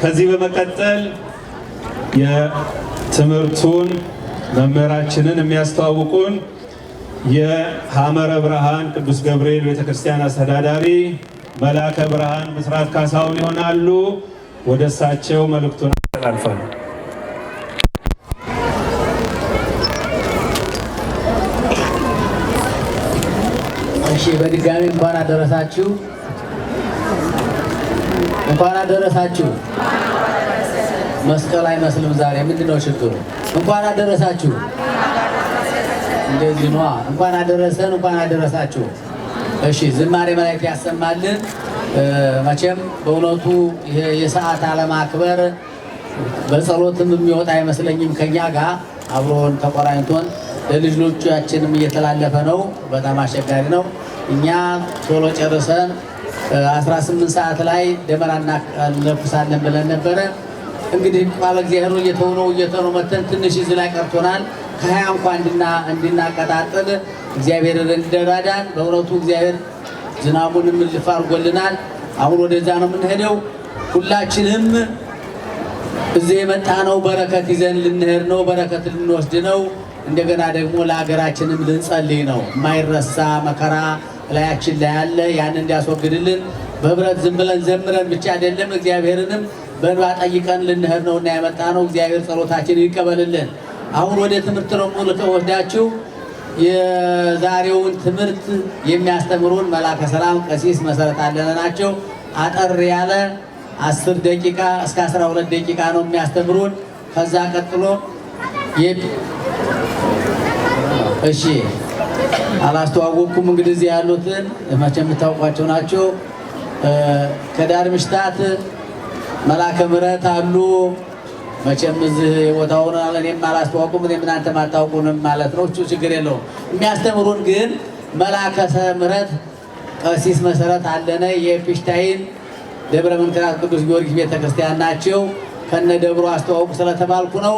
ከዚህ በመቀጠል የትምህርቱን መምህራችንን የሚያስተዋውቁን የሐመረ ብርሃን ቅዱስ ገብርኤል ቤተክርስቲያን አስተዳዳሪ መላከ ብርሃን ምስራት ካሳሁን ይሆናሉ። ወደ እሳቸው መልእክቱን አስተላልፋል። እሺ፣ በድጋሚ እንኳን አደረሳችሁ። እንኳን አደረሳችሁ። መስቀል አይመስልም ዛሬ። ምንድነው ነው ችግሩ? እንኳን አደረሳችሁ። እንደዚህ ነዋ። እንኳን አደረሰን፣ እንኳን አደረሳችሁ። እሺ፣ ዝማሬ መላእክት ያሰማልን። መቼም በእውነቱ የሰዓት አለማክበር በጸሎትም የሚወጣ አይመስለኝም። ከኛ ጋር አብሮን ተቆራኝቶን ለልጅ እየተላለፈ ነው። በጣም አስቸጋሪ ነው። እኛ ቶሎ ጨርሰን 18 ሰዓት ላይ ደመራ እናለኩሳለን ብለን ነበረ። እንግዲህ ቃለ እግዚአብሔሩ እየተውነው እየተውነው መተን ትንሽ እዚህ ላይ ቀርቶናል። ከሀያ እንኳ እንድናቀጣጥል እግዚአብሔር እንደራዳን። በእውነቱ እግዚአብሔር ዝናቡን ልፍ አድርጎልናል። አሁን ወደዛ ነው የምንሄደው። ሁላችንም እዚህ የመጣ ነው በረከት ይዘን ልንሄድ ነው፣ በረከት ልንወስድ ነው። እንደገና ደግሞ ለሀገራችንም ልንጸልይ ነው። የማይረሳ መከራ እላያችን ላይ ያለ ያን እንዲያስወግድልን በህብረት ዝም ብለን ዘምረን ብቻ አይደለም፣ እግዚአብሔርንም በእንባ ጠይቀን ልንሄድ ነውና ያመጣ ነው። እግዚአብሔር ጸሎታችን ይቀበልልን። አሁን ወደ ትምህርት ነው ልወስዳችሁ። የዛሬውን ትምህርት የሚያስተምሩን መላከ ሰላም ቀሲስ መሰረት አለነ ናቸው። አጠር ያለ አስር ደቂቃ እስከ አስራ ሁለት ደቂቃ ነው የሚያስተምሩን። ከዛ ቀጥሎ እሺ አላስተዋወቅኩም። እንግዲህ እዚህ ያሉትን መቼ የምታውቋቸው ናቸው። ከዳር ምሽታት መላከ ምረት አሉ። መቼም እዚህ ቦታውን እኔም አላስተዋወቁም፣ እኔም እናንተም አታውቁንም ማለት ነው። ችግር የለውም። የሚያስተምሩን ግን መላከ ምሕረት ቀሲስ መሰረት አለነ የፒሽታይን ደብረ መንክራት ቅዱስ ጊዮርጊስ ቤተክርስቲያን ናቸው። ከነ ደብሮ አስተዋውቁ ስለተባልኩ ነው።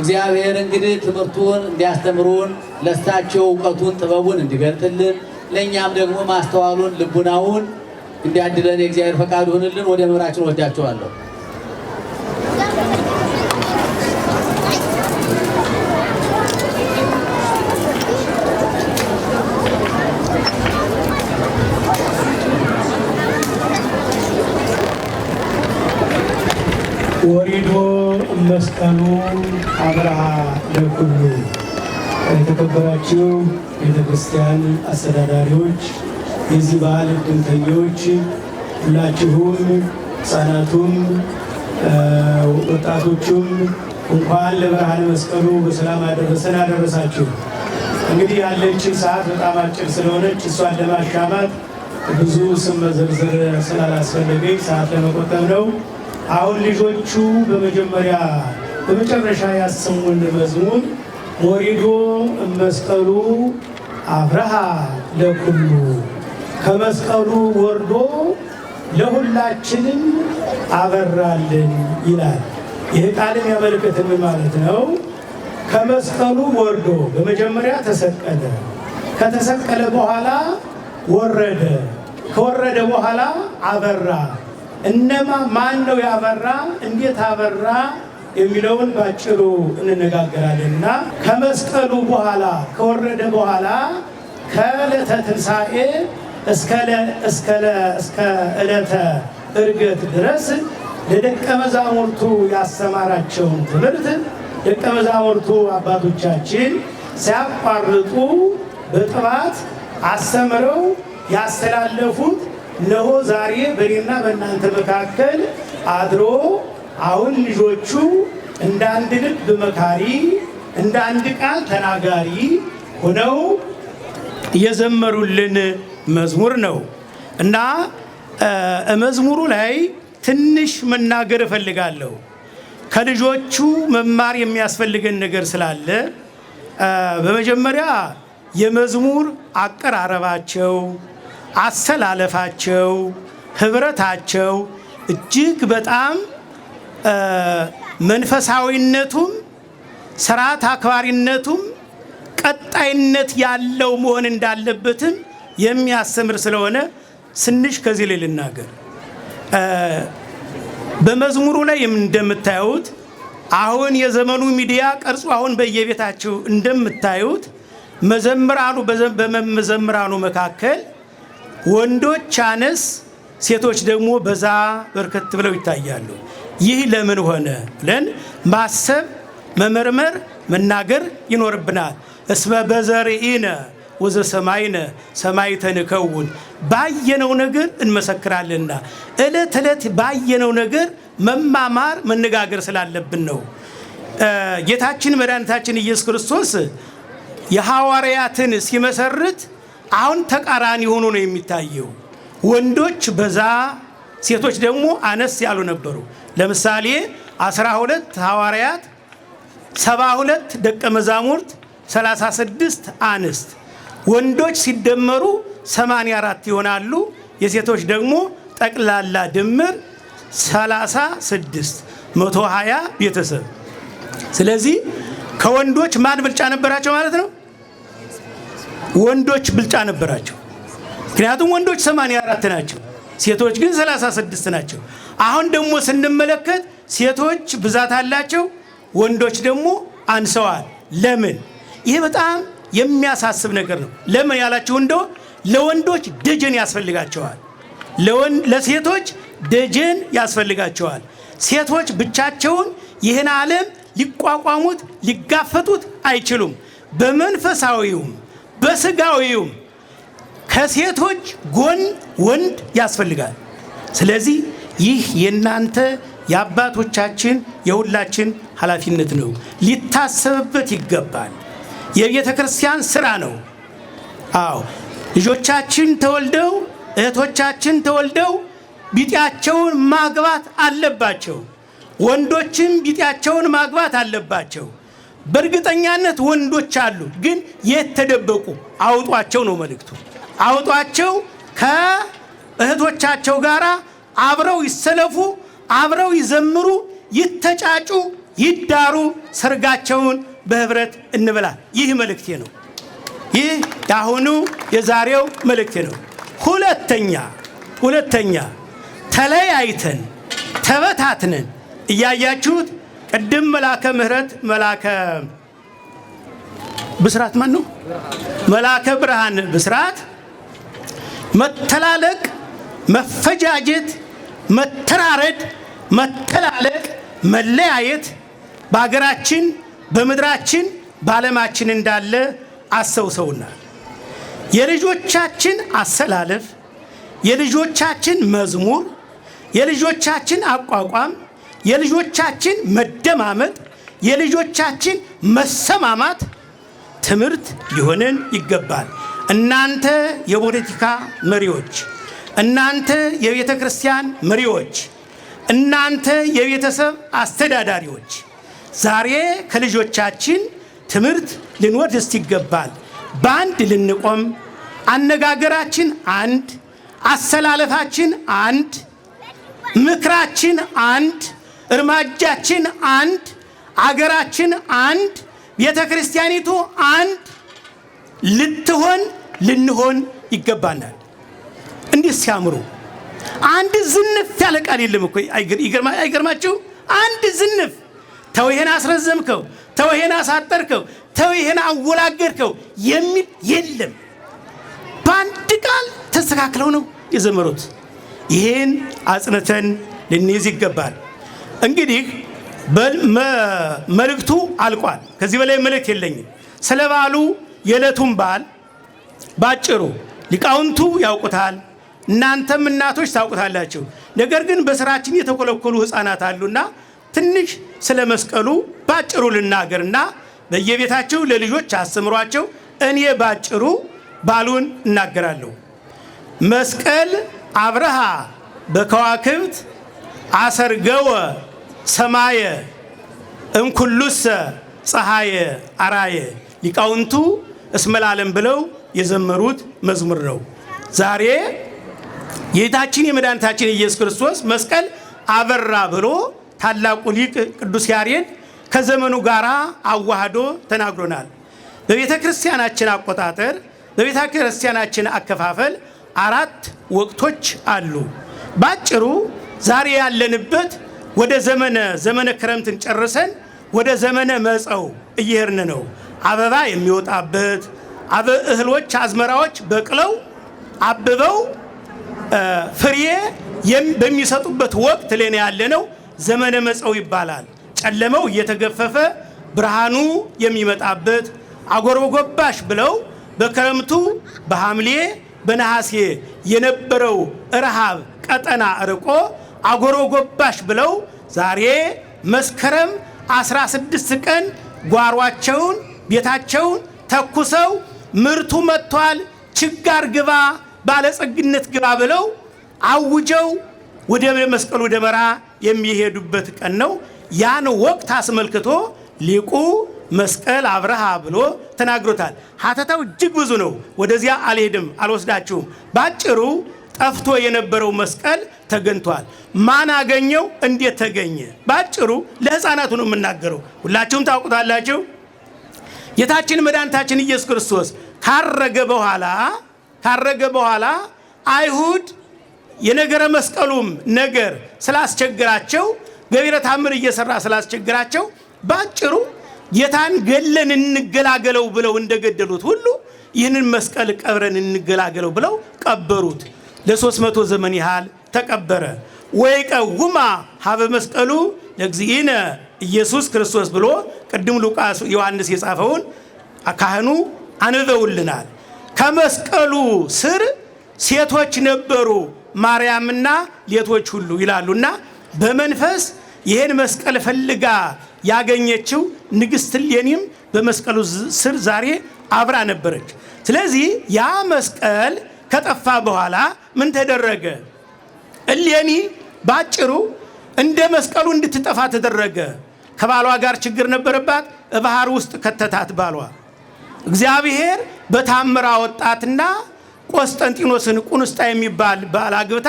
እግዚአብሔር እንግዲህ ትምህርቱን እንዲያስተምሩን ለእሳቸው እውቀቱን ጥበቡን እንዲገልጥልን ለእኛም ደግሞ ማስተዋሉን ልቡናውን እንዲያድለን የእግዚአብሔር ፈቃድ ሆንልን። ወደ መምራችን ወዳቸዋለሁ። ቀኑ አብርሃ ለኩሉ የተከበራችሁ ቤተክርስቲያን አስተዳዳሪዎች፣ የዚህ በዓል እድልተኞች ሁላችሁም፣ ህፃናቱም ወጣቶቹም እንኳን ለብርሃን መስቀሉ በሰላም አደረሰን አደረሳችሁ። እንግዲህ ያለችን ሰዓት በጣም አጭር ስለሆነች እሷን ለማሻማት ብዙ ስም መዘርዘር ስላላስፈለገኝ ሰዓት ለመቆጠብ ነው። አሁን ልጆቹ በመጀመሪያ በመጨረሻ ያሰሙን መዝሙር ወሪዶ መስቀሉ አብርሃ ለኩሉ ከመስቀሉ ወርዶ ለሁላችንም አበራልን ይላል። ይህ ቃልም ያመለከትን ማለት ነው። ከመስቀሉ ወርዶ በመጀመሪያ ተሰቀለ፣ ከተሰቀለ በኋላ ወረደ፣ ከወረደ በኋላ አበራ። እነማ ማን ነው ያበራ? እንዴት አበራ? የሚለውን ባጭሩ እንነጋገራለንና እና ከመስቀሉ በኋላ ከወረደ በኋላ ከዕለተ ትንሣኤ እስከ ዕለተ እርገት ድረስ ለደቀ መዛሙርቱ ያሰማራቸውን ትምህርት ደቀ መዛሙርቱ አባቶቻችን ሲያቋርጡ በጥባት አስተምረው ያስተላለፉት ለሆ ዛሬ በእኔና በእናንተ መካከል አድሮ አሁን ልጆቹ እንደ አንድ ልብ መካሪ፣ እንደ አንድ ቃል ተናጋሪ ሆነው የዘመሩልን መዝሙር ነው እና መዝሙሩ ላይ ትንሽ መናገር እፈልጋለሁ። ከልጆቹ መማር የሚያስፈልገን ነገር ስላለ በመጀመሪያ የመዝሙር አቀራረባቸው፣ አሰላለፋቸው፣ ህብረታቸው እጅግ በጣም መንፈሳዊነቱም ስርዓት አክባሪነቱም ቀጣይነት ያለው መሆን እንዳለበትም የሚያስተምር ስለሆነ ትንሽ ከዚህ ላይ ልናገር። በመዝሙሩ ላይ እንደምታዩት አሁን የዘመኑ ሚዲያ ቀርጾ አሁን በየቤታችሁ እንደምታዩት መዘምራኑ በመዘምራኑ መካከል ወንዶች አነስ፣ ሴቶች ደግሞ በዛ በርከት ብለው ይታያሉ። ይህ ለምን ሆነ ብለን ማሰብ፣ መመርመር፣ መናገር ይኖርብናል። እስመ በዘርኢነ ወዘ ሰማይነ ሰማይ ተንከውን ባየነው ነገር እንመሰክራለንና ዕለት ዕለት ባየነው ነገር መማማር መነጋገር ስላለብን ነው። ጌታችን መድኃኒታችን ኢየሱስ ክርስቶስ የሐዋርያትን ሲመሰርት አሁን ተቃራኒ ሆኖ ነው የሚታየው። ወንዶች በዛ ሴቶች ደግሞ አነስ ያሉ ነበሩ። ለምሳሌ 12 ሐዋርያት፣ 72 ደቀ መዛሙርት፣ 36 አንስት። ወንዶች ሲደመሩ 84 ይሆናሉ። የሴቶች ደግሞ ጠቅላላ ድምር 36 120 ቤተሰብ። ስለዚህ ከወንዶች ማን ብልጫ ነበራቸው ማለት ነው? ወንዶች ብልጫ ነበራቸው። ምክንያቱም ወንዶች 84 ናቸው። ሴቶች ግን 36 ናቸው። አሁን ደግሞ ስንመለከት ሴቶች ብዛት አላቸው፣ ወንዶች ደግሞ አንሰዋል። ለምን? ይሄ በጣም የሚያሳስብ ነገር ነው። ለምን ያላችሁ እንደ ለወንዶች ደጀን ያስፈልጋቸዋል፣ ለሴቶች ደጀን ያስፈልጋቸዋል። ሴቶች ብቻቸውን ይህን ዓለም ሊቋቋሙት ሊጋፈጡት አይችሉም። በመንፈሳዊውም በስጋዊውም ከሴቶች ጎን ወንድ ያስፈልጋል። ስለዚህ ይህ የእናንተ የአባቶቻችን የሁላችን ኃላፊነት ነው፣ ሊታሰብበት ይገባል። የቤተ ክርስቲያን ስራ ነው። አዎ ልጆቻችን ተወልደው እህቶቻችን ተወልደው ቢጤያቸውን ማግባት አለባቸው። ወንዶችም ቢጤያቸውን ማግባት አለባቸው። በእርግጠኛነት ወንዶች አሉ፣ ግን የት ተደበቁ? አውጧቸው ነው መልእክቱ። አውጧቸው፣ ከእህቶቻቸው ጋር አብረው ይሰለፉ፣ አብረው ይዘምሩ፣ ይተጫጩ፣ ይዳሩ፣ ሰርጋቸውን በህብረት እንብላ። ይህ መልእክቴ ነው። ይህ የአሁኑ የዛሬው መልእክቴ ነው። ሁለተኛ ሁለተኛ ተለያይተን ተበታትነን እያያችሁት ቅድም መላከ ምህረት መላከ ብስራት ማን ነው? መላከ ብርሃን ብስራት መተላለቅ፣ መፈጃጀት፣ መተራረድ፣ መተላለቅ፣ መለያየት በሀገራችን፣ በምድራችን፣ በዓለማችን እንዳለ አሰውሰውናል። የልጆቻችን አሰላለፍ፣ የልጆቻችን መዝሙር፣ የልጆቻችን አቋቋም፣ የልጆቻችን መደማመጥ፣ የልጆቻችን መሰማማት ትምህርት ሊሆነን ይገባል። እናንተ የፖለቲካ መሪዎች፣ እናንተ የቤተ ክርስቲያን መሪዎች፣ እናንተ የቤተሰብ አስተዳዳሪዎች ዛሬ ከልጆቻችን ትምህርት ልንወስድ ይገባል። በአንድ ልንቆም፣ አነጋገራችን አንድ፣ አሰላለፋችን አንድ፣ ምክራችን አንድ፣ እርማጃችን አንድ፣ አገራችን አንድ፣ ቤተ ክርስቲያኒቱ አንድ ልትሆን ልንሆን ይገባናል። እንዴት ሲያምሩ! አንድ ዝንፍ ያለ ቃል የለም እኮ አይገርማችሁ? አንድ ዝንፍ ተው አስረዘምከው፣ ተው አሳጠርከው፣ ተው አወላገድከው የሚል የለም። በአንድ ቃል ተስተካክለው ነው የዘመሩት። ይህን አጽንተን ልንይዝ ይገባል። እንግዲህ መልእክቱ አልቋል። ከዚህ በላይ መልእክት የለኝም ስለ በዓሉ የዕለቱን በዓል ባጭሩ ሊቃውንቱ ያውቁታል፣ እናንተም እናቶች ታውቁታላችሁ። ነገር ግን በስራችን የተኮለኮሉ ህፃናት አሉና ትንሽ ስለ መስቀሉ ባጭሩ ልናገርና በየቤታቸው ለልጆች አስተምሯቸው። እኔ ባጭሩ ባሉን እናገራለሁ። መስቀል አብረሃ በከዋክብት አሰርገወ ሰማየ እንኩሉሰ ፀሐየ አራየ ሊቃውንቱ እስመላለም ብለው የዘመሩት መዝሙር ነው። ዛሬ የጌታችን የመድኃኒታችን ኢየሱስ ክርስቶስ መስቀል አበራ ብሎ ታላቁ ሊቅ ቅዱስ ያሬድ ከዘመኑ ጋር አዋህዶ ተናግሮናል። በቤተ ክርስቲያናችን አቆጣጠር፣ በቤተ ክርስቲያናችን አከፋፈል አራት ወቅቶች አሉ። ባጭሩ ዛሬ ያለንበት ወደ ዘመነ ዘመነ ክረምትን ጨርሰን ወደ ዘመነ መጸው እየሄድን ነው። አበባ የሚወጣበት እህሎች፣ አዝመራዎች በቅለው አብበው ፍሬ በሚሰጡበት ወቅት ያለ ነው። ዘመነ መጸው ይባላል። ጨለመው እየተገፈፈ ብርሃኑ የሚመጣበት አጎርበጎባሽ ብለው በክረምቱ በሐምሌ በነሐሴ የነበረው ረሃብ ቀጠና ርቆ አጎርበጎባሽ ብለው ዛሬ መስከረም 16 ቀን ጓሯቸውን ቤታቸውን ተኩሰው ምርቱ መጥቷል፣ ችጋር ግባ፣ ባለጸግነት ግባ ብለው አውጀው ወደ መስቀል ወደ የሚሄዱበት ቀን ነው። ያን ወቅት አስመልክቶ ሊቁ መስቀል አብርሃ ብሎ ተናግሮታል። ሀተታው እጅግ ብዙ ነው። ወደዚያ አልሄድም፣ አልወስዳችሁም። ባጭሩ ጠፍቶ የነበረው መስቀል ተገኝቷል። ማን አገኘው? እንዴት ተገኘ? ባጭሩ ለሕፃናቱ ነው የምናገረው። ሁላችሁም ታውቁታላችሁ። ጌታችን መድኃኒታችን ኢየሱስ ክርስቶስ ካረገ በኋላ ካረገ በኋላ አይሁድ የነገረ መስቀሉም ነገር ስላስቸግራቸው ገቢረ ታምር እየሰራ ስላስቸግራቸው በአጭሩ ጌታን ገለን እንገላገለው ብለው እንደገደሉት ሁሉ ይህንን መስቀል ቀብረን እንገላገለው ብለው ቀበሩት። ለሦስት መቶ ዘመን ያህል ተቀበረ። ወይ ቀውማ ሀበ መስቀሉ ለእግዚእነ ኢየሱስ ክርስቶስ ብሎ ቅድም ሉቃስ ዮሐንስ የጻፈውን ካህኑ አንብበውልናል። ከመስቀሉ ስር ሴቶች ነበሩ ማርያምና ሌቶች ሁሉ ይላሉና በመንፈስ ይህን መስቀል ፈልጋ ያገኘችው ንግሥት እሌኒም በመስቀሉ ስር ዛሬ አብራ ነበረች። ስለዚህ ያ መስቀል ከጠፋ በኋላ ምን ተደረገ? እሌኒ ባጭሩ እንደ መስቀሉ እንድትጠፋ ተደረገ። ከባሏ ጋር ችግር ነበረባት። ባህር ውስጥ ከተታት ባሏ። እግዚአብሔር በታምራ ወጣትና ቆስጠንጢኖስን ቁንስጣ የሚባል ባል አግብታ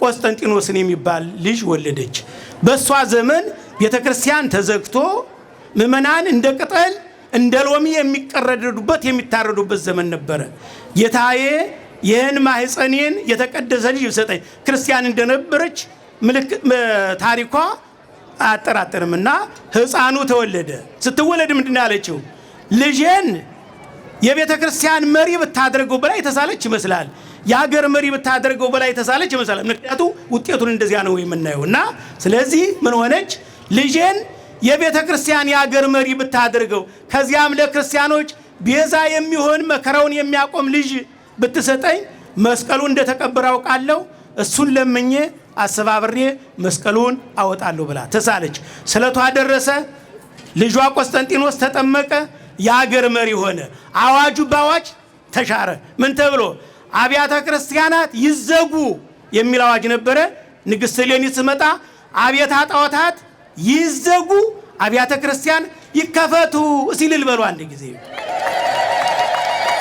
ቆስጠንጢኖስን የሚባል ልጅ ወለደች። በእሷ ዘመን ቤተ ክርስቲያን ተዘግቶ ምእመናን እንደ ቅጠል እንደ ሎሚ የሚቀረደዱበት የሚታረዱበት ዘመን ነበረ። ጌታዬ ይህን ማህፀኔን የተቀደሰ ልጅ ይሰጠኝ። ክርስቲያን እንደነበረች ታሪኳ አያጠራጥርም። እና ተወለደ። ስትወለድ ምንድን ያለችው? ልጄን የቤተ ክርስቲያን መሪ ብታደርገው በላይ የተሳለች ይመስላል። የሀገር መሪ ብታደርገው በላይ የተሳለች ይመስላል። ምክንያቱ ውጤቱን እንደዚያ ነው የምናየው። እና ስለዚህ ምን ሆነች? ልጄን የቤተ ክርስቲያን የሀገር መሪ ብታደርገው፣ ከዚያም ለክርስቲያኖች ቤዛ የሚሆን መከራውን የሚያቆም ልጅ ብትሰጠኝ መስቀሉ እንደተቀበረ አውቃለሁ። እሱን ለምኜ አሰባብሬ መስቀሉን አወጣለሁ ብላ ተሳለች። ስለቷ ደረሰ። ልጇ ቆስጠንጢኖስ ተጠመቀ። የአገር መሪ ሆነ። አዋጁ በአዋጅ ተሻረ። ምን ተብሎ አብያተ ክርስቲያናት ይዘጉ የሚል አዋጅ ነበረ። ንግሥት እሌኒ ስመጣ አብያተ ጣዖታት ይዘጉ፣ አብያተ ክርስቲያን ይከፈቱ ሲልል በሉ አንድ ጊዜ።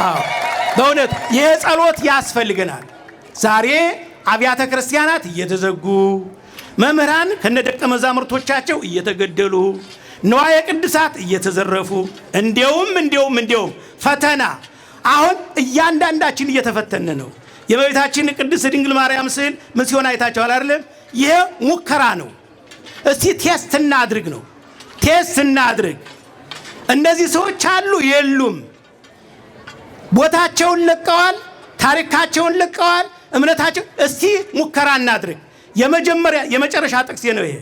አዎ በእውነት ይህ ጸሎት ያስፈልገናል ዛሬ አብያተ ክርስቲያናት እየተዘጉ መምህራን ከነ ደቀ መዛሙርቶቻቸው እየተገደሉ ንዋየ ቅድሳት እየተዘረፉ እንዲውም እንዲውም እንዲውም ፈተና አሁን እያንዳንዳችን እየተፈተነ ነው። የመቤታችን ቅድስት ድንግል ማርያም ስዕል ምን ሲሆን አይታችኋል አይደለም? ይሄ ሙከራ ነው። እስቲ ቴስት እናድርግ ነው፣ ቴስት እናድርግ። እነዚህ ሰዎች አሉ የሉም? ቦታቸውን ለቀዋል፣ ታሪካቸውን ለቀዋል እምነታችን እስቲ ሙከራ እናድርግ። የመጀመሪያ የመጨረሻ ጥቅሴ ነው ይሄ።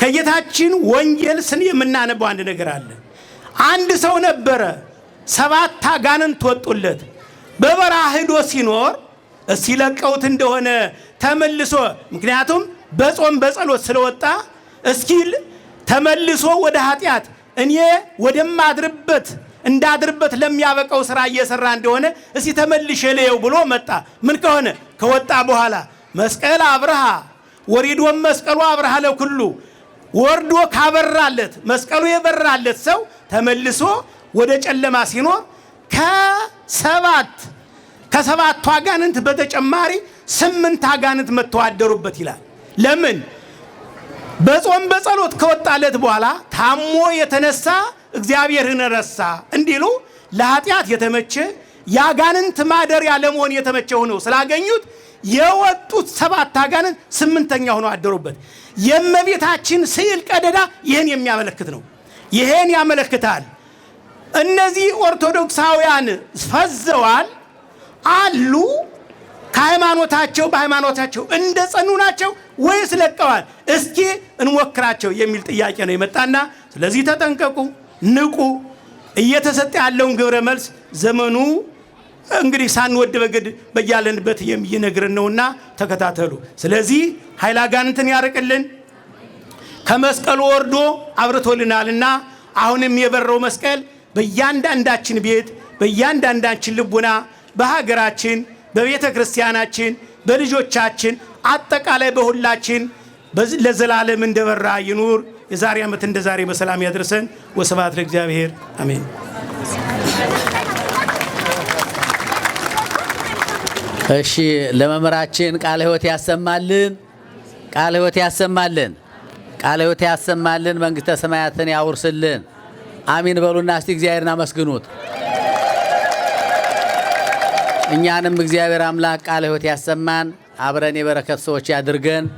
ከጌታችን ወንጌል ስን የምናነበው አንድ ነገር አለ። አንድ ሰው ነበረ፣ ሰባት አጋንንት ወጡለት። በበረሃ ሂዶ ሲኖር እስቲ ለቀውት እንደሆነ ተመልሶ፣ ምክንያቱም በጾም በጸሎት ስለወጣ እስኪል ተመልሶ ወደ ኃጢአት እኔ ወደማድርበት እንዳድርበት ለሚያበቀው ስራ እየሰራ እንደሆነ እስቲ ተመልሼ ልየው ብሎ መጣ። ምን ከሆነ ከወጣ በኋላ መስቀል አብርሃ ወሪዶም መስቀሉ አብርሃ ለኩሉ ወርዶ ካበራለት መስቀሉ የበራለት ሰው ተመልሶ ወደ ጨለማ ሲኖር ከሰባት ከሰባቱ አጋንንት በተጨማሪ ስምንት አጋንንት መተዋደሩበት ይላል። ለምን በጾም በጸሎት ከወጣለት በኋላ ታሞ የተነሳ እግዚአብሔርን ረሳ እንዲሉ ለኃጢአት የተመቸ የአጋንንት ማደሪያ ለመሆን የተመቸ ሆነው ስላገኙት የወጡት ሰባት አጋንንት ስምንተኛ ሆኖ አደሩበት። የእመቤታችን ስዕል ቀደዳ ይህን የሚያመለክት ነው። ይህን ያመለክታል። እነዚህ ኦርቶዶክሳውያን ፈዘዋል አሉ። ከሃይማኖታቸው በሃይማኖታቸው እንደ ጸኑ ናቸው ወይስ ለቀዋል? እስኪ እንሞክራቸው የሚል ጥያቄ ነው የመጣና ስለዚህ ተጠንቀቁ። ንቁ። እየተሰጠ ያለውን ግብረ መልስ ዘመኑ እንግዲህ ሳንወድ በግድ በያለንበት የሚነግርን ነውና ተከታተሉ። ስለዚህ ኃይለ አጋንንትን ያርቅልን ከመስቀሉ ወርዶ አብርቶልናልና አሁንም የበረው መስቀል በእያንዳንዳችን ቤት በእያንዳንዳችን ልቡና በሀገራችን በቤተ ክርስቲያናችን በልጆቻችን አጠቃላይ በሁላችን ለዘላለም እንደበራ ይኑር። የዛሬ ዓመት እንደ ዛሬ በሰላም ያደርሰን። ወስብሐት ለእግዚአብሔር አሜን። እሺ ለመምህራችን ቃለ ሕይወት ያሰማልን። ቃለ ሕይወት ያሰማልን። ቃለ ሕይወት ያሰማልን። መንግሥተ ሰማያትን ያውርስልን። አሚን በሉና እስቲ እግዚአብሔርን አመስግኑት። እኛንም እግዚአብሔር አምላክ ቃለ ሕይወት ያሰማን። አብረን የበረከት ሰዎች ያድርገን።